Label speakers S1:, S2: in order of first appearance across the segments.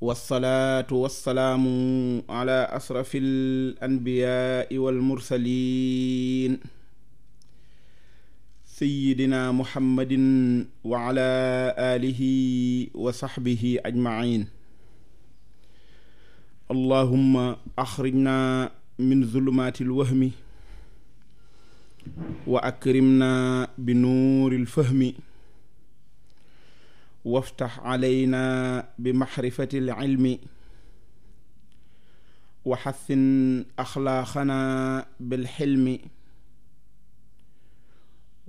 S1: wasalaatu wasalaamu ala asrafi al anbiyaai walmursalin sayidina muhammadin wa ala alihi wa saxbihi ajmain allahumma axrijna min zulumaati alwahmi wa akrimna bi nuuri alfahmi waftax alayna bi maxrifati alcilmi wa xassin axlaaqana bilxilmi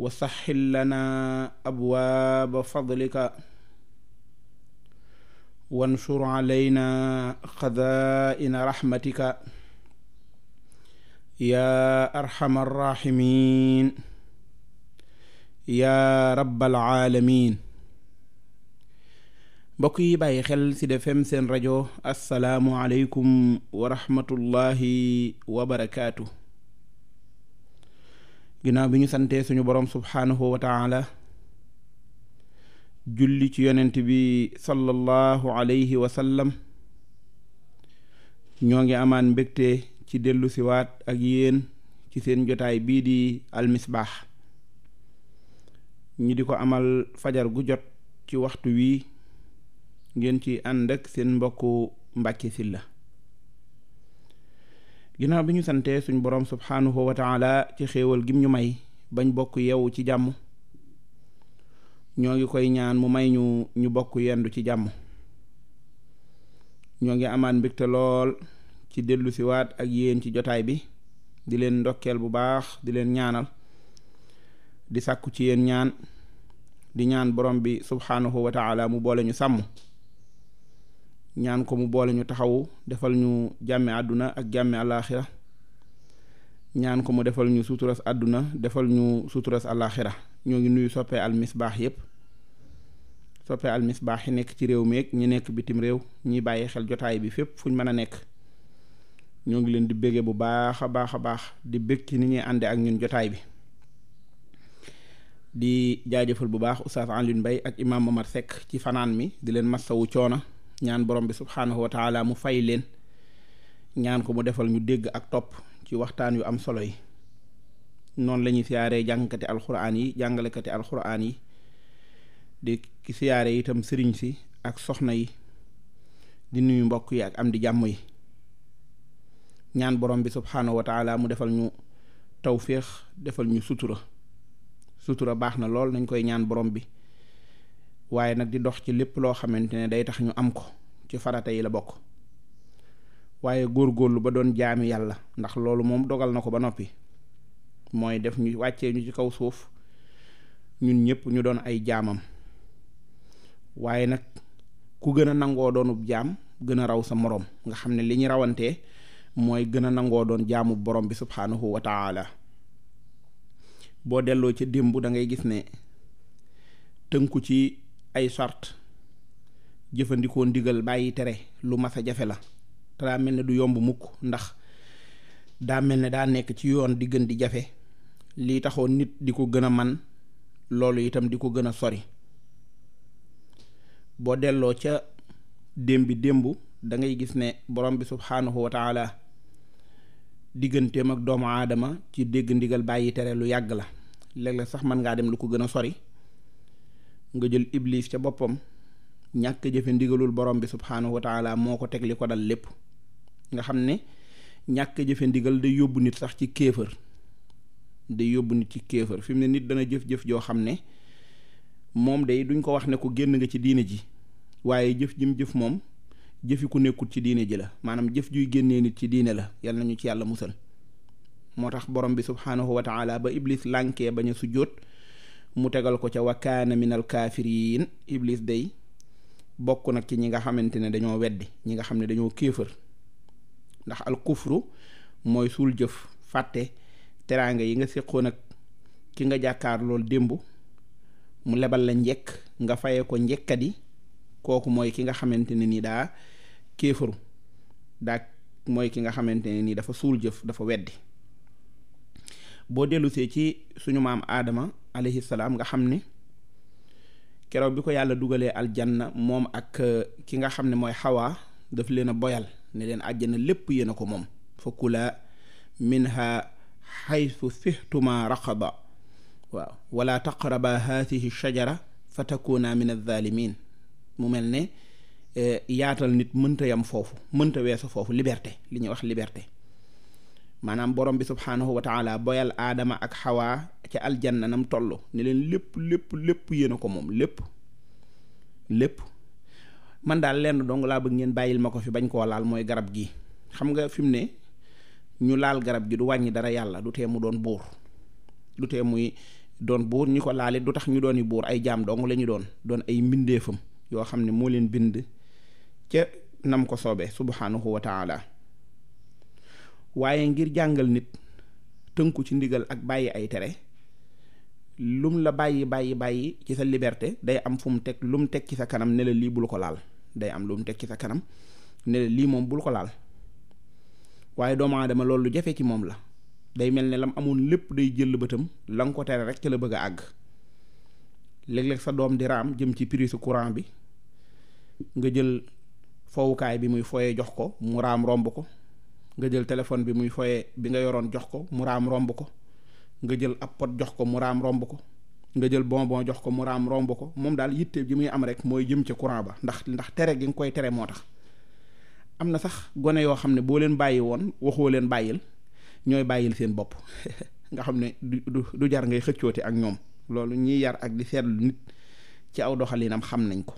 S1: wa saxil lana abwaaba fadlika wansur alayna xazaa'ina raxmatika yaa arxama arraximin yaa rabbal caalamiin mbokk yi bàyyi xel ci Sud FM seen rajo asalaamualeykum wa rahmatullahi wa barakaatu. ginnaaw bi ñu santee suñu boroom subhaanahu wa taala julli ci yonent bi sallallahu alayhi wa sallam ñoo ngi amaan mbégte ci dellu siwaat ak yéen ci seen jotaay bii di almisbaax ñi di ko amal fajar gu jot ci waxtu wii ngeen ci ànd ak seen mbokku Mbàkke Sylla ginnaaw bi ñu santee suñ boroom subhaanahu wa taala ci xéewal gim ñu may bañ bokk yeewu ci jàmm ñoo ngi koy ñaan mu may ñu ñu bokk yendu ci jàmm ñoo ngi amaan mbégte lool ci dellusiwaat ak yéen ci jotaay bi di leen ndokkeel bu baax di leen ñaanal di sàkku ci yéen ñaan di ñaan borom bi subhaanahu wa taala mu boole ñu sàmm ñaan ko mu boole ñu taxawu defal ñu jàmme àdduna ak jàmme àllaaxira ñaan ko mu defal ñu suturas àdduna defal ñu suturas àllaaxira ñoo ngi nuyu soppee almisbaax yépp soppee almisbaax yi nekk ci réew meeg ñi nekk bitim réew ñi bàyyi xel jotaay bi fépp fuñ mën a nekk ñoo ngi leen di bége bu baax a baax a baax di bég ci ni ñuy ànde ak ñun jotaay bi di jaajëfal bu baax Oustaz Alioune mbay ak Imam Momar Seck ci fanaan mi di leen massawu coona ñaan borom bi subhaanahu wa mu fay leen ñaan ko mu defal ñu dégg ak topp ci waxtaan yu am solo yi noonu lañuy siyaare siyaaree jàngkati alxuraan yi jàngalekati alxuraan yi siyaare itam sëriñ si ak soxna yi di nuyu mbokk yi ak am di jàmm yi ñaan borom bi subhaanahu wa mu defal ñu tawféex defal ñu sutura sutura baax na lool dañ koy ñaan borom bi waaye nag di dox ci lépp loo xamante ne day tax ñu am ko ci farata yi la bokk waaye góor góorlu ba doon jaami yàlla ndax loolu moom dogal na ko ba noppi mooy def ñu wàcce ñu ci kaw suuf ñun ñëpp ñu doon ay jaamam waaye nag ku gën a nangoo doonub jaam gën a raw sa moroom nga xam ne li ñu rawantee mooy gën a nangoo doon jaamu borom bi subhaanahu wa taala boo delloo ca démb dangay gis ne tënku ci ay sart jëfandikoo ndigal bàyyi tere lu mas a jafe la te daa mel ne du yomb mukk ndax daa mel ne daa nekk ci yoon di di jafe li taxoon nit di ko gën a man loolu itam di ko gën a sori boo delloo ca démb bi démb da gis ne borom bi subhaanahu wa taala digganteem ak doomu aadama ci dégg ndigal bàyyi tere lu yàgg la léeg-léeg sax mën ngaa dem lu ko gën a sori nga jël iblis ca boppam ñàkk jëfe ndigalul borom bi subhaanahu wa taala moo ko teg li ko dal lépp nga xam ne ñàkk jëfe ndigal day yóbbu nit sax ci kéefër day yóbbu nit ci kéefër fi mu ne nit dana jëf-jëf joo xam ne moom day duñ ko wax ne ko génn nga ci diine ji waaye jëf jim jëf moom jëfi ku nekkut ci diine ji la maanaam jëf juy génnee nit ci diine la yal nañu ci yàlla musal moo tax borom bi subhaanahu wa taala ba iblis lànkee bañ a sujjóot mu tegal ko ca wa kaana minal kaafiriin iblis day bokk nag ci ñi nga xamante ne dañoo weddi ñi nga xam ne dañoo kéefër ndax al kufru mooy suul jëf fàtte teraanga yi nga séqoon nag ki nga jàkkaar lool démb mu lebal la njekk nga faye ko njekkadi kooku mooy ki nga xamante ne ni daa kéefaru daa mooy ki nga xamante ne ni dafa suul jëf dafa weddi boo dellusee ci suñu maam aadama alayhi salaam nga xam ni keroog bi ko yàlla dugalee aljanna moom ak euh, ki nga xam ne mooy xawaa daf leen a boyal ne leen àjjana lépp yéen ko moom fa kulaa minha xaytu sixtuma raqaba waaw wala taqraba haatihi shajara fa takuuna min alzaalimin mu mel ne euh, yaatal nit mënta yam foofu mënta weesu foofu liberté li ñuy wax liberté maanaam borom bi subhaanahu wa taala boyal aadama ak xawaa ci aljanna nam toll ne leen lépp lépp lépp yéen ko moom lépp lépp man daal lenn dong laa bëgg ngeen bàyyil ma ko fi bañ koo laal mooy garab gi xam nga fi mu ne ñu laal garab gi du wàññi dara yàlla du tee mu doon buur du tee muy doon buur ñi ko laalit du tax ñu doon i buur ay jaam dong la ñu doon doon ay mbindeefam yoo xam ne moo leen bind ca nam ko soobee subhaanahu wa waaye ngir jàngal nit tënku ci ndigal ak bàyyi ay tere lum la bàyyi bàyyi bàyyi ci sa liberté day am fu mu teg lu mu teg ci sa kanam nela la lii bul ko laal day am lu mu teg ci sa kanam ne lii moom bul ko laal waaye doomu aadama loolu lu jafe ci moom la day mel ne mu amoon lépp day jël bëtam lan ko tere rek ca la bëgg a àgg léeg-léeg sa doom di raam jëm ci prise courant bi nga jël fowukaay bi muy foyee jox ko mu raam romb ko nga jël téléphone bi muy fooyee bi nga yoroon jox ko mu raam romb ko nga jël ab pot jox ko mu raam romb ko nga jël bonbon jox ko mu raam romb ko moom daal yitte ji muy am rek mooy jëm ca courant ba ndax ndax tere gi nga koy tere moo tax am na sax gone yoo xam ne boo leen bàyyi woon waxoo leen bàyyil ñooy bàyyil seen bopp nga xam ne du du jar ngay xëccoote ak ñoom loolu ñiy yar ak di seetlu nit ci aw doxalinam xam nañ ko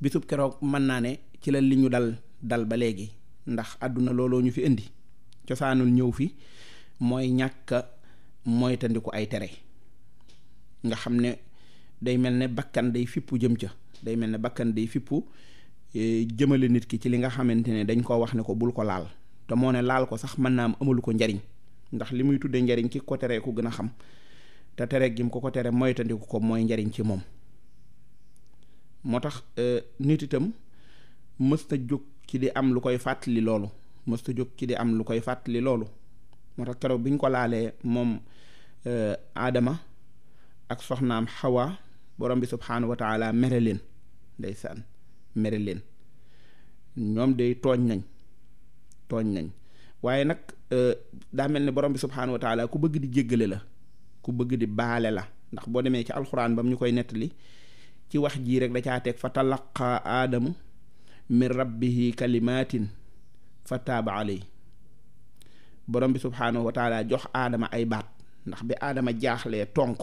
S1: bisub keroog mën naa ne ci la li ñu dal dal ba léegi ndax àdduna looloo ñu fi indi cosaanul ñëw fi mooy ñàkk moytandiku ay tere nga xam ne day mel ne bakkan day fippu jëm ca day mel ne bakkan day fippu e, jëmale nit ki ci li nga xamante ne dañ ko wax ne ko bul ko laal te moo ne laal ko sax mën naa am amalu ko njariñ ndax li muy tuddee njariñ ki ko teree ku gën a xam te tere gim ko ko tere moytandiku ko mooy njariñ ci moom moo tax e, nit itam mës jóg ci di am lu koy fàttali loolu mësta jóg ci di am lu koy fàttali loolu moo tax keroog bi ñu ko laalee moom aadama euh, ak soxnaam xawa borom bi subhaanahu wa mere leen day saan mere leen ñoom day tooñ nañ tooñ nañ waaye nag euh, daa mel ni borom bi subhaanahu wa taala ku bëgg di jéggale la ku bëgg di baale la ndax boo demee ci alxuraan ba mu ñu koy nettali ci wax jii rek da caa teg fa talaqa aadamu min rabbihi kalimaatin fa taaba aley borom bi subhaanahu jox aadama ay baat ndax bi aadama jaaxlee tonk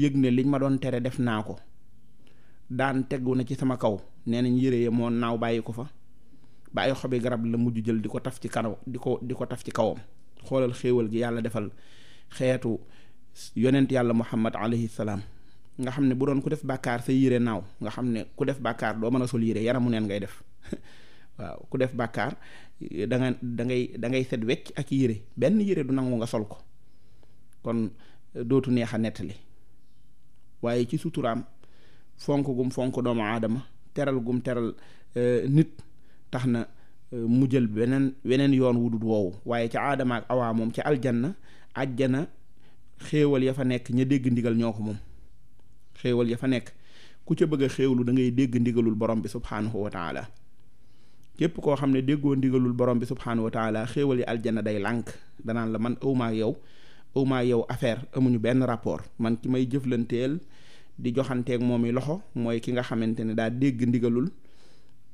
S1: yëg ne liñ ma doon tere def naa ko daan tegu na ci sama kaw nee nañ yére ya moo naaw bàyyi ko fa ba ay xobi garab la mujj jël di ko taf ci kanaw di ko di ko taf ci kawam xoolal xéewal gi yàlla defal xeetu yonent yàlla muhammad alayhi salaam nga xam ne bu doon ku def bàkkaar sa yére naaw nga xam ne ku def bàkkaar doo mën a sol yére yaramu neen ngay def waaw ku def bàkkaar eh, da dangay da ngay wecc ak yére benn yére du nangu nga sol ko kon eh, dootu neex a nettali waaye ci suturaam fonk gum fonk doomu aadama teral gum teral eh, nit tax na mu jël beneen weneen yoon wudut woowu waaye ca aadama ak awaa moom ca aljanna àjjana xéewal ya fa nekk ña dégg ndigal ñoo ko moom xéewal ya fa nekk ku ca bëgg a xéewlu da ngay dégg ndigalul borom bi subhaanahu wa taala képp koo xam ne déggoo borom bi subhaanahu wa taala xéewal yi aljana day lànk danaan la man awmaa yow awmaa yow affaire amuñu benn rapport man ki may jëflanteel di joxanteek moom i loxo mooy ki nga xamante ne daa dégg ndigalul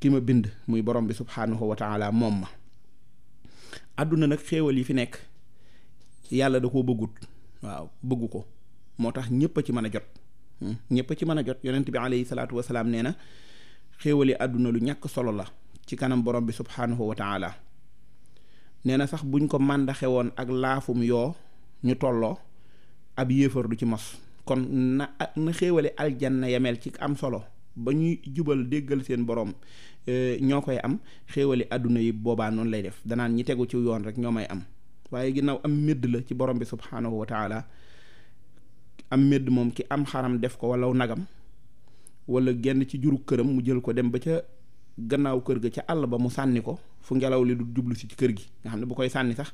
S1: ki ma bind muy borom bi subhaanahu wa taala moom ma àdduna nag xéewal yi fi nekk yàlla da ko bëggut waaw bëggu ko moo tax ñépp a ci mën a jot Hmm? ñëpp ci mën a jot yonent bi alayhi salaatu wasalaam nee na xéewali àdduna lu ñàkk solo la ci kanam borom bi subhaanahu wa taala nee na sax buñ ko màndaxe woon ak laafum yoo ñu tolloo ab yéefar du ci mos kon na na xéewali aljanna yemel ci am solo ba ñuy jubal déggal seen borom e, ñoo koy am xéewali àdduna yi boobaa noonu lay def danaan ñi tegu ci yoon rek ñoo may am waaye ginnaaw am médd la ci borom bi subhaanahu wa taala am médd moom ki am xaram def ko walaw nagam walla genn ci juru këram mu jël ko dem ba ca gannaaw kër ga ca àll ba mu sànni ko fu ngelaw li du jublu si ci kër gi nga xam ne bu koy sànni sax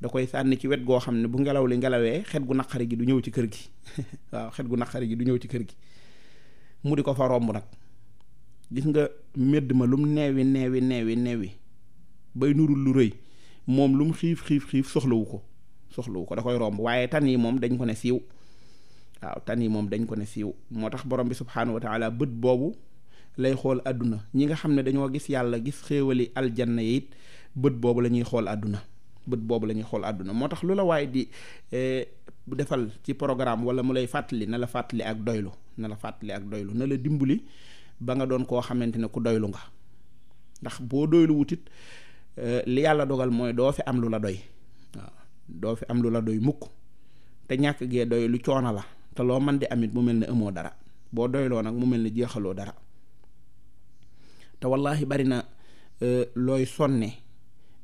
S1: da koy sànni ci wet goo xam ne bu ngelaw li ngelawee xet gu naqari gi du ñëw ci kër gi xet gu naqari gi du ñëw ci kër gi mu di ko fa romb nag gis nga médd ma lum neewi neewi neewi neewi bay nurul lu rëy moom lum xiif xiif xiif soxlawu ko soxlawu ko da koy romb waaye tan yi moom dañ ko ne siiw waaw tan yi moom dañ ko ne siiw moo tax borom bi subhaanahu wa taala bët boobu lay xool àdduna ñi nga xam ne dañoo gis yàlla gis xéewali aljanna yi it bët boobu la ñuy xool àdduna bët boobu la ñuy xool àdduna moo tax lu la waaye di eh, defal ci programme wala mu lay fàttali na la fàttali ak doylu na la fàttali ak doylu na dimbali ba nga doon koo xamante ne ku doylu nga ndax boo doylu wutit eh, li yàlla dogal mooy doo fi am lu la doy waaw doo fi am lu la doy mukk te ñàkk gee doy la te loo man di amit mu mel ne amoo dara boo doyloo nag mu mel ne jeexaloo dara te wallaahi bari na e, looy sonne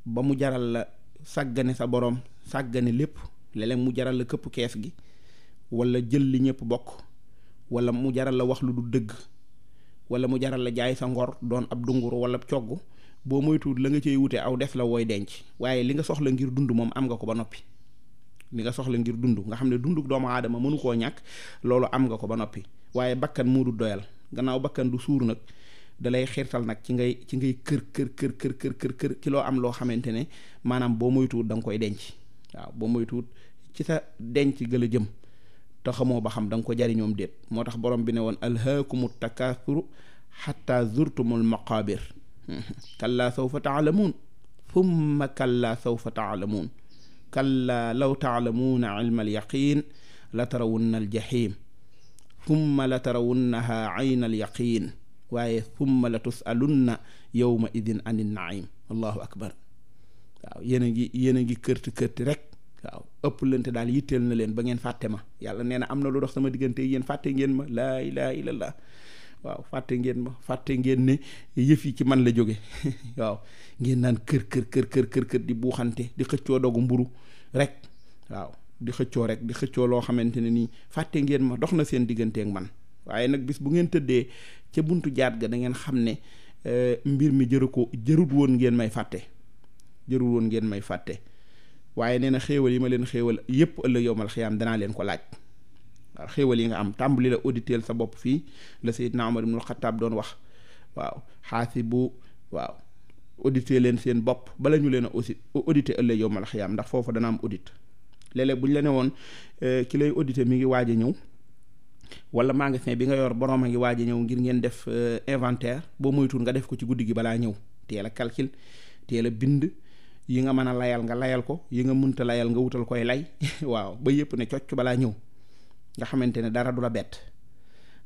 S1: ba mu jaral la sàggane sa borom sàggane lépp léeg mu jaral la këpp kees gi wala jël li ñëpp bokk wala mu jaral la wax lu du dëgg walla mu jaral la jaay sa ngor doon ab dunguru wala cogg boo moytuwul la nga cey wute aw def la wooy denc waaye li nga soxla ngir dund moom am nga ko ba noppi li nga soxla ngir dund nga xam ne dundu doomu aadama mënu koo ñàkk loolu am nga ko ba noppi waaye bakkan moo du doyal gannaaw bakkan du suur nag dalay xiirtal nag ci ngay ci ngay kër kër kër kër kër kër kër ci loo am loo xamante ne maanaam boo moytuwut danga koy denc waaw boo moytuwut ci sa denc gëla jëm te xamoo ba xam danga ko ko jariñoom déet moo tax borom bi ne woon alhaakumu takaasuru xatta zurtumul maqaabir kallaa sawfa taalamuun thumma kallaa sawfa taalamuun kallaa law taalamuuna ilma alyaqiin la tarawunna aljaxiim summa la tarawunnaha ayna alyaqiin waaye summa la tusalunna yowma idin an naim allahu akbar waaw yéen a ngi yéen a ngi kërti kërti rek waaw ëpp lante daal yitteel na leen ba ngeen fàtte ma yàlla nee am na lu dox sama diggante yéen fàtte ngeen ma laa ilaha illallah waaw fàtte ngeen ma fàtte ngeen ne yëf yi ci man la jóge waaw ngeen naan kër kër kër kër kër kër di buuxante di xëccoo dogu mburu rek waaw di xëccoo rek di xëccoo loo xamante ne nii fàtte ngeen ma dox na seen digganteek man waaye nag bis bu ngeen tëddee ca buntu jaat ga da ngeen xam ne euh, mbir mi jëru ko jërut woon ngeen may fàtte jërut woon ngeen may fàtte waaye nee na xéewal yi ma leen xéewal yépp ëllëg yowmal xiyaam danaa leen ko laaj xéewal yi nga am tàmbali la auditeel sa bopp fii la ma Omar ibnul Xataab doon wax waaw si bu waaw auditer leen seen bopp bala ñu leen a aussi auditer ëllëg yow mal xiyaam ndax foofu dana am audit léeg-léeg bu la ne woon eh, ki lay auditer mi ngi waaj a ñëw wala magasin bi nga yor borom a ngi waaj a ñëw ngir ngeen def eh, inventaire boo moytuwul nga def ko ci guddi gi balaa ñëw teel a calcul teel a bind yi nga mën a layal nga layal ko yi nga munta layal nga wutal koy lay waaw ba yépp ne cocc balaa ñëw nga xamante ne dara du la bett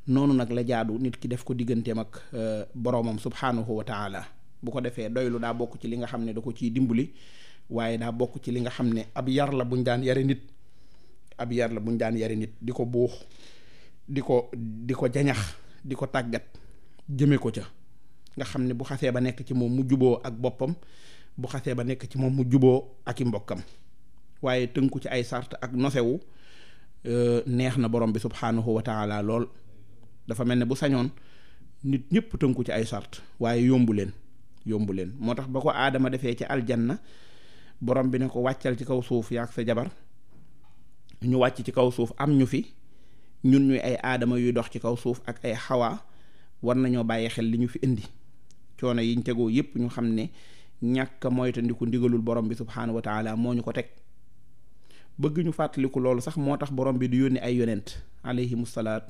S1: noonu nag la jaadu nit ki def ko digganteem ak euh, boroomam subhaanahu wa taala bu ko defee doylu daa bokk ci li nga xam ne da ko ciy dimbali waaye daa bokk ci li nga xam ne ab yar la buñ daan yari nit ab yar la buñ daan yari nit di ko buux di ko di ko jañax di ko tàggat jëme ko ca nga xam ne bu xasee ba nekk ci moom mu juboo ak boppam bu xasee ba nekk ci moom mu juboo ak i mbokkam waaye tënku ci ay sart ak nosewu Euh, neex na borom bi subhaanahu wa taala lool dafa mel ne bu sañoon nit ñëpp tënku ci ay sart waaye yombu leen yombu leen moo tax ba ko aadama defee ci aljanna borom bi ne ko wàccal ci kaw suuf yaak sa jabar ñu wàcc ci kaw suuf am ñu fi ñun ñuy ay aadama yuy dox ci kaw suuf ak ay xawaa war nañoo bàyyi xel li ñu fi indi coono yiñ tegoo yépp ñu xam ne ñàkk moytandiku ndigalul borom bi subhaanahu wa taala moo ñu ko teg bëgg ñu fàttaliku loolu sax moo tax borom bi di yónni ay yonent alayhimu salaat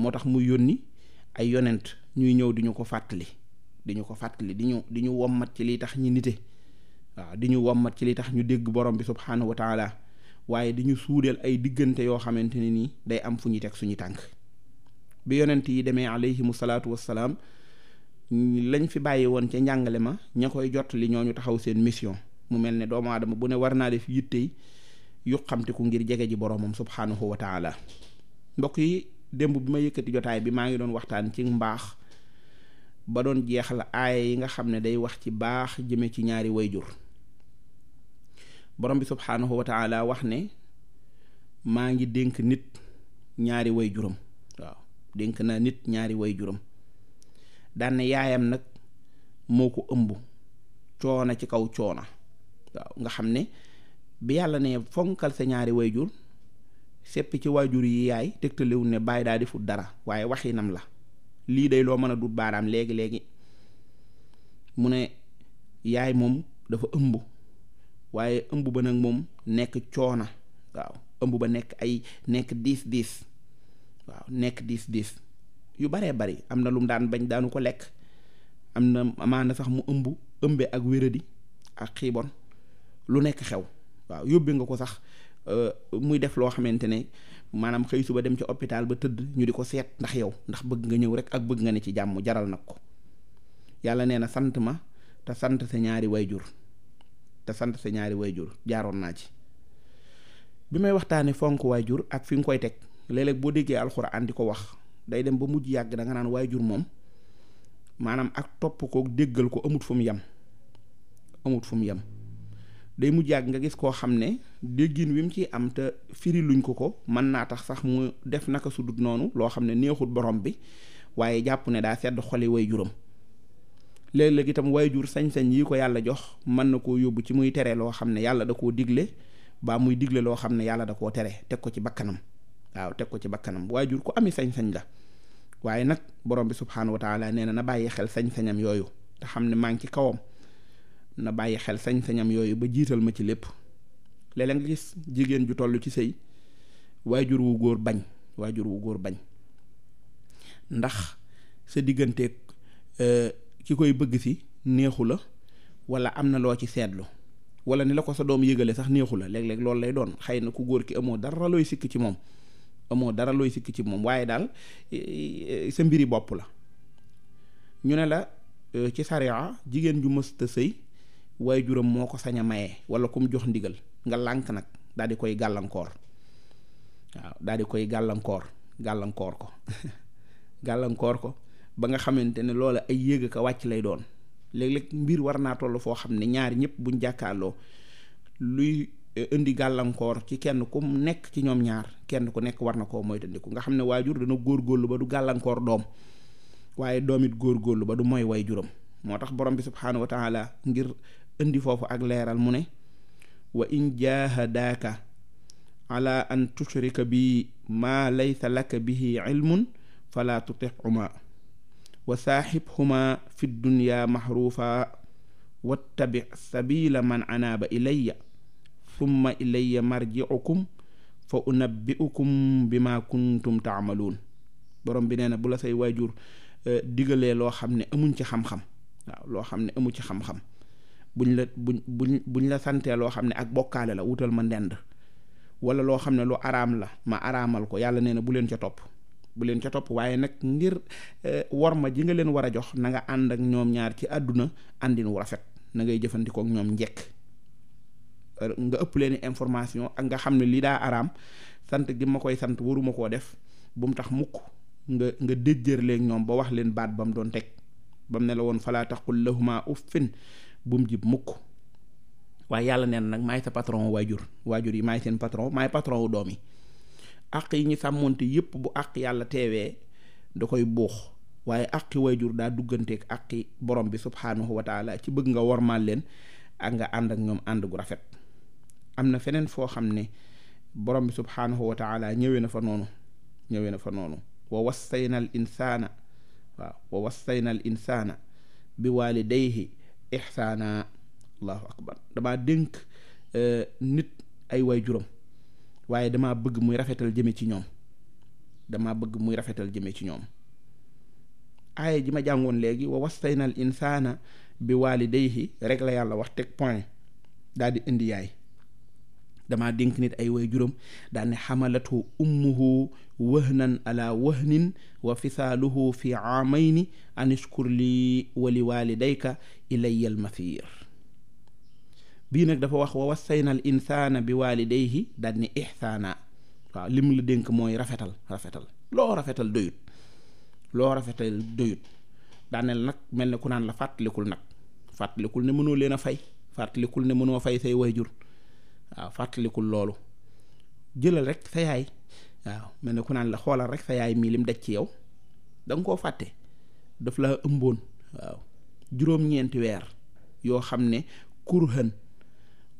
S1: moo tax mu yónni ay yonent ñuy ñëw di ñu ko fàttali di ñu ko fàttali di ñu di ñu wommat ci liy tax ñi nite di ñu wommat ci liy tax ñu dégg borom bi subhaanahu wa taala waaye di ñu suudeel ay diggante yoo xamante ni nii day am fu ñuy teg suñu tànk bi yonent yi demee alayhimu salaatu wassalaam lañ fi bàyyi woon ca njàngale ma ña koy jot li ñoo ñu taxaw seen mission mu mel ne doomu aadama bu ne war naa def yitte yi yuqamtiku ngir jege ji boroomam subhaanahu wa taala mbokk yi démb bi ma yëkkati jotaay bi maa ngi doon waxtaan ci mbaax ba doon jeexal aaya yi nga xam ne day wax ci baax jëme ci ñaari way jur borom bi subhaanahu wa taala wax ne maa ngi dénk nit ñaari wayjuram waaw dénk na nit ñaari wayjuram juram ne yaayam nag moo ko ëmb coona ci kaw coona waaw nga xam ne bi yàlla ne fonkal sa ñaari wayjur seppi ci waajur yi yaay tegtalewul ne bàyyi daa defut dara waaye waxinam la lii day loo mën a dut baaraam léegi léegi mu ne yaay moom dafa ëmb waaye ëmb ba nag moom nekk coona waaw ëmb ba nekk ay nekk diis diis waaw nekk diis diis yu baree bari am na lu mu daan bañ daanu ko lekk am na amaana sax mu ëmb ëmbe ak wéradi ak xiibon lu nekk xew waaw yóbbee nga ko sax euh, muy def loo xamante ne maanaam xëy suba dem ci hôpital ba tëdd ñu di ko seet ndax yow ndax bëgg nga ñëw rek ak bëgg nga ne ci jàmm jaral nag ko yàlla nee na sant ma te sant sa ñaari way jur te sant sa ñaari way jur jaaroon naa ci bi may waxtaanee fonk jur ak fi nga koy teg léeg boo déggee alxuraan di ko wax day dem ba mujj yàgg da nga naan jur moom maanaam ak topp kook déggal ko amut fu mu yem amut fu mu yem. day mujj yàgg nga gis koo xam ne déggin wi mu ciy am te firi luñ ko ko mën naa tax sax mu def naka su dut noonu loo xam ne neexut borom bi waaye jàpp ne daa sedd xoli way juram léeg-léeg itam way jur sañ-sañ yi ko yàlla jox mën na koo yóbbu ci muy tere loo xam ne yàlla da koo digle baa muy digle loo xam ne yàlla da koo tere teg ko ci bakkanam waaw teg ko ci bakkanam way jur ku ami sañ-sañ la waaye nag borom bi subxanahu wa taala nee na na bàyyi xel sañ-sañam yooyu te xam ne maa ngi ci kawam. na bàyyi xel sañ-sañam yooyu ba jiital ma ci lépp léeg-léeg nga gis jigéen ju toll ci sëy waajur wu góor bañ waajur wu góor bañ ndax sa digganteeg euh, ki koy bëgg si néexu la wala am na loo ci seetlu walla ni la ko sa doom yëgale sax néexu la léeg-léeg loolu lay doon xëy na ku góor ki amoo dara looy sikk ci moom amoo dara looy sikk ci moom waaye daal sa mbiri bopp la ñu ne la euh, ci sariya jigéen ju mësta sëy waaye juram moo ko sañ a maye wala ku mu jox ndigal nga lànk nag daal koy gàllankoor waaw daal di koy gàllankoor gàllankoor ko gàllankoor ko ba nga xamante ne loola ay yéeg ka wàcc lay doon léeg-léeg mbir war naa toll foo xam ne ñaar ñëpp buñ jàkkaarloo luy eh, indi gàllankoor ci kenn ku nekk ci ñoom ñaar kenn ku nekk war na koo moytandiku nga xam ne waajur dana góorgóorlu ba du gàllankoor doom waaye doom it góorgóorlu ba du mooy waajuram moo indi foofu ak leeral mu ne wa in jaahadaaka ala an tushrika bi maa laysa laka bihi ilmun fala tutixumaa wa saaxibhumaa fi dunya maxruufa wattabi sabila man anaaba ilayya summa ilayya marjiukum fa unabbiukum bima kuntum taamaluun borom bi nee na bu la say waajur eh, digalee loo xam ne amuñ ci xam loo xam ne amu ci xam-xam buñ la buñ buñ buñ la santee loo xam ne ak bokkaale la wutal ma ndend wala loo xam ne lu araam la ma araamal ko yàlla nee na bu leen ca topp bu leen ca topp waaye nag ngir eh, war ma ji nga leen war a jox na nga ànd ak ñoom ñaar ci àdduna àndin wu rafet na ngay jëfandikoo ñoom njekk er, nga ëpp leen information ak nga xam ne lii daa araam sant gi ma koy sant waruma koo def bu mu tax mukk nga nga déjjër leen ñoom ba wax leen baat ba mu doon teg ba mu ne la woon falaa taqul lahuma bu mu jib mukk waaye yàlla neen nag maay sa patron waajur waajur yi maay seen patron maay patron wu doom yi àq yi ñu sàmmoonte yépp bu àq yàlla teewee da koy buux waaye àqi waajur daa dugganteek àqi borom bi subhaanahu wa taala ci bëgg nga wormaal leen ak nga ànd ak ñoom ànd gu rafet am na feneen foo xam ne borom bi subhaanahu wa taala ñëwee na fa noonu ñëwee na fa noonu wa wassayna al insaana waaw wa wassayna al insaana bi walidayhi ixsaana allahu akbar damaa dénk euh, nit ay way juróom waaye damaa bëgg muy rafetal jëme ci ñoom dama bëgg muy rafetal jëme ci ñoom aaye ji ma jàngoon léegi wa wastaynal insaana bi waalidayhi rek la yàlla wax teg point daal di indi yaay dama dénk nit ay way juróom daan ne xamalatu ummuhu wahnan ala wahnin wa fisaaluhu fi aamayni an li wa li walidayka ilayya almasir bii nag dafa wax wa wassayna al insaana bi walidayhi daan ne li mu la dénk mooy rafetal rafetal loo rafetal doyut loo rafetal nag mel ne ku naan la fàttalikul nag fàttalikul ne mënoo leen a fay fàttalikul ne mënoo fay say wayjur waaw fàttalikul loolu jëlal rek sa yaay waaw mel ne ku naan la xoolal rek sa yaay mii lim daj ci yow da nga koo fàtte daf la ëmboon waaw juróom-ñeenti weer yoo xam ne kurhan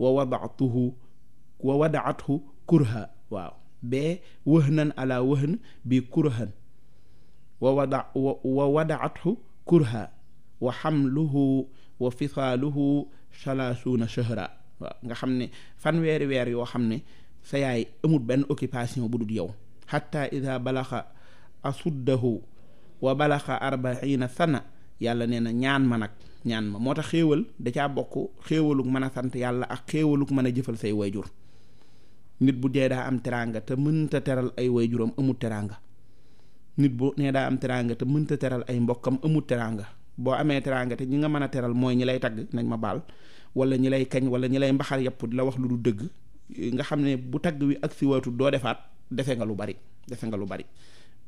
S1: wa wadaatuhu wa wadaathu kurha waaw bee wëhnan ala wëhn bi kurhan wa wada wa wadaathu kurha wa xamluhu wa fisaaluhu salaasuuna shahra waaw nga xam ne fanweeri weer yoo xam ne sa yaay amul benn occupation bu dul yow xatta ida balaxa asuddahu wa balaxa arbaina sana yàlla nee na ñaan ma nag ñaan ma moo tax xéewal da caa bokk xéewaluk mën a sant yàlla ak xéewaluk mën a jëfal say wayjur nit bu dee daa am teraanga te teral ay wayjuram amul teraanga nit bu nee daa am teraanga te mënta teral ay mbokkam amul teraanga boo amee teraanga te ñi nga mën a teral mooy ñi lay tagg nañ ma baal wala ñi lay kañ wala ñi lay mbaxal yàpp di la wax lu du dëgg nga xam ne bu tagg wi ak si waatu doo defaat defe nga lu bari defe nga lu bari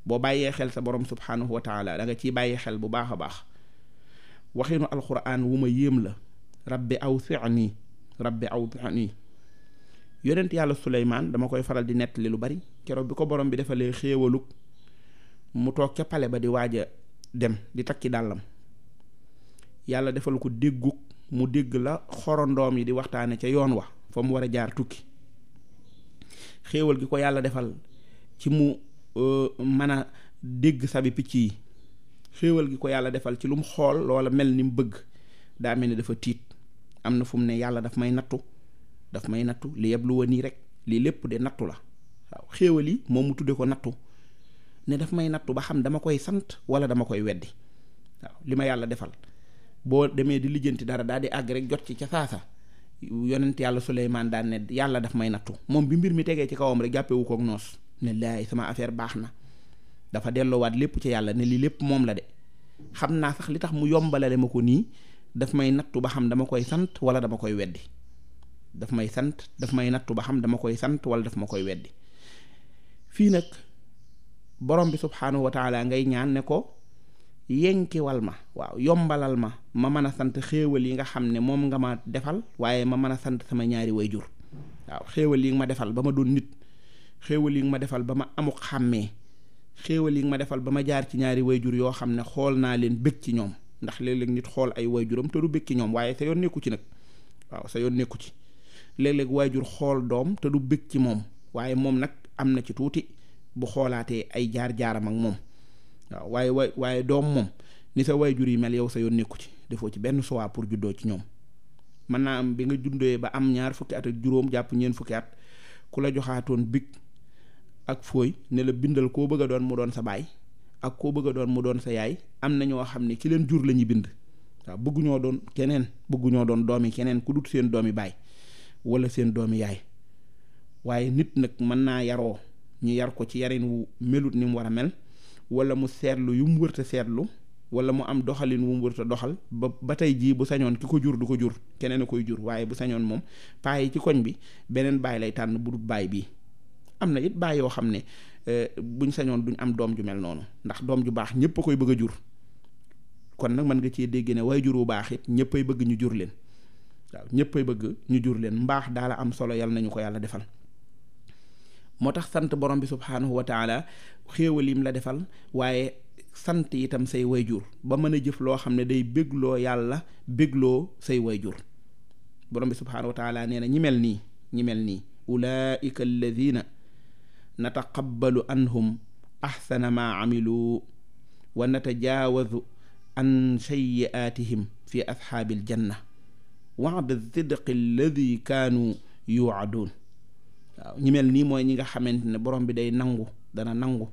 S1: boo bàyyee xel sa borom subhanahu wa taala da nga ciy bàyyi xel bu baax a baax waxinu alquran wu ma yéem la rab bi aw nii rabbi awsi'ni rabbi awsi'ni yonent yàlla suleymaan dama koy faral di nettali lu bari keroog bi ko borom bi defalee xéewalug mu toog ca pale ba di waaja dem di takki dàllam yàlla defal ko déggug mu dégg la ndoom yi di waxtaane ca yoon wa fa mu war a jaar tukki xéewal gi ko yàlla defal ci mu euh, mën a dégg sabi picc yi xéewal gi ko yàlla defal ci lu mu xool loola mel ni mu bëgg daa mel ni dafa tiit am na fu mu ne yàlla daf may nattu daf may nattu li yeb lu wa nii rek lii lépp de nattu la waaw xéewal yi moom mu tudde ko nattu ne daf may nattu ba xam dama koy sant wala dama koy weddi waaw li ma yàlla defal boo demee di lijjanti dara daal di àgg rek jot ci ca saasa yonent yàlla Suleymaan daan ne yàlla daf may nattu moom bi mbir mi tegee ci kawam rek jàppewu koog noos ne laay sama affaire baax na dafa delloowaat lépp ci yàlla ne lii lépp moom la de xam naa sax li tax mu yombalale ma ko nii daf may nattu ba xam dama koy sant wala dama koy weddi daf may sant daf may nattu ba xam dama koy sant wala daf ma koy weddi fii nag borom bi subxanahu wa ngay ñaan ne ko. yenkiwal ma waaw yombalal ma ma mën a sant xéewal yi nga xam ne moom nga ma defal waaye ma mën a sant sama ñaari wayjur waaw xéewal yi nga ma defal ba ma doon nit xéewal yi nga ma defal ba ma amuk xàmmee xéewal yi nga ma defal ba ma jaar ci ñaari wayjur yoo xam ne xool naa leen bëgg ci ñoom ndax léeg-léeg nit xool ay wayjuram te du bëgg ci ñoom waaye sa yoon nekku ci nag waaw sa yoon nekku ci léeg-léeg waajur xool doom te du bëgg ci moom waaye moom nag am na ci tuuti bu xoolaatee ay jaar-jaaram ak moom waaw waaye waaye doom moom ni sa jur yi mel yow sa yoon nekku ci defoo ci benn choix pour juddoo ci ñoom mën naa am bi nga jundee ba am ñaar fukki at ak juróom jàpp ñeen fukki at ku la joxaatoon big ak fooy ne la bindal koo bëgg a doon mu doon sa baay ak koo bëgg doon mu doon sa yaay am na ñoo xam ne ki leen jur la ñuy bind waaw bëgguñoo doon keneen bëgguñoo doon yi keneen ku dut seen doomi baay wala seen doomi yaay waaye nit nag mën naa yaroo ñu yar ko ci yarin wu ni mu war a mel wala mu seetlu yu mu wërta seetlu wala mu am doxalin wu mu wërta doxal ba ba tey jii bu sañoon ki ko jur du ko jur keneen a koy jur waaye bu sañoon moom paa yi ci koñ bi beneen baay lay tànn bu dul baay bii am na it baay yoo xam ne euh, buñ sañoon duñ am doom ju mel noonu ndax doom ju baax ñëpp koy bëgg jur kon nag mën nga cee dégg ne way jur wu baax it ñëpp ay bëgg ñu jur leen waaw ñëpp ay bëgg ñu jur leen mbaax daala am solo yàlla nañu ko yàlla defal moo tax sant borom bi subhaanahu wa taala yim la defal waaye sant itam say way jur ba mën a jëf loo xam ne day bégloo yàlla bégloo say wayjur borom bi subhaanahu wa taala nee na ñi mel nii ñi mel nii ulaika alladina nataqabbalu anhum axsana maa amilu wa natajaawazu an sayyi'aatihim fi asxaabil janna wa'da sidqi alladi kaanu yuwaduun waaw ñi mel nii mooy ñi nga xamante ne borom bi day nangu dana nangu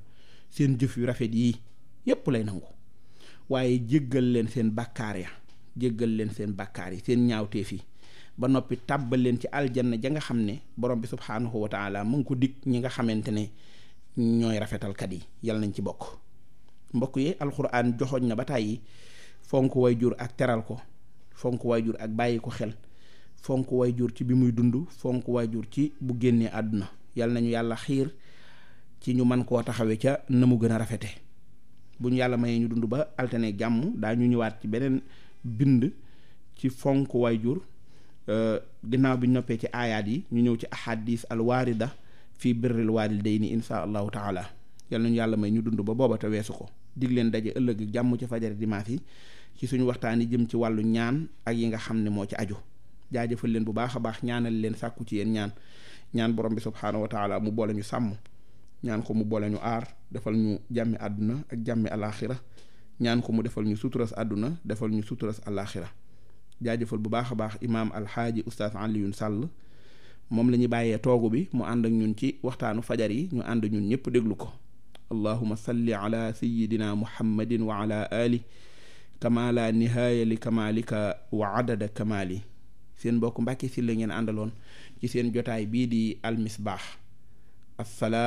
S1: seen jëf yu rafet yii yépp lay nangu waaye jéggal leen seen bàkkaar ya jéggal leen seen bàkkaar yi seen ñaawteef yi ba noppi tàbbal leen ci aljanna ja nga xam ne borom bi subhaanahu wa taala mu ngi ko dikk ñi nga xamante ne ñooy rafetalkat yi yal nañ ci bokk mbokk yi alxuraan joxoñ na ba tàyyi fonk way jur ak teral ko fonk way jur ak bàyyi ko xel fonk waay jur ci bi muy dund fonk jur ci bu génnee àdduna yàlla nañu yàlla xiir ci ñu man koo taxawee ca na mu gën a rafete bu ñu yàlla mayee ñu dund ba altine jàmm daa ñu ñëwaat ci beneen bind ci fonk jur ginnaaw bi ñu noppee ci aayaat yi ñu ñëw ci ahadis al waarida fii birril waalidayni insha allahu taala yal nañu yàlla may ñu dund ba booba weesu ko dig leen daje ëllëg jàmm ci fajar dimanche yi ci suñu waxtaan yi jëm ci wàllu ñaan ak yi nga xam ne moo ci aju jaajëfal leen bu baax a baax ñaanal leen sàkku ci yéen ñaan ñaan borom bi subhaanahu wa taala mu boole ñu sàmm ñaan ko mu boole ñu aar defal ñu jàmmi àdduna ak jàmmi alaaxira ñaan ko mu defal ñu suturas àdduna defal ñu suturas alaaxira jaajëfal bu baax a baax imaam alxaaji oustaz Alioune Sall moom la ñu bàyyee toogu bi mu ànd ak ñun ci waxtaanu fajar yi ñu ànd ñun ñëpp déglu ko allahuma salli ala sayidina muhammadin wa ala ali kamaala nihaaya li kamaalika wa adada seen mbokk si la ngeen àndaloon ci seen jotaay bii di almisbaax asalaam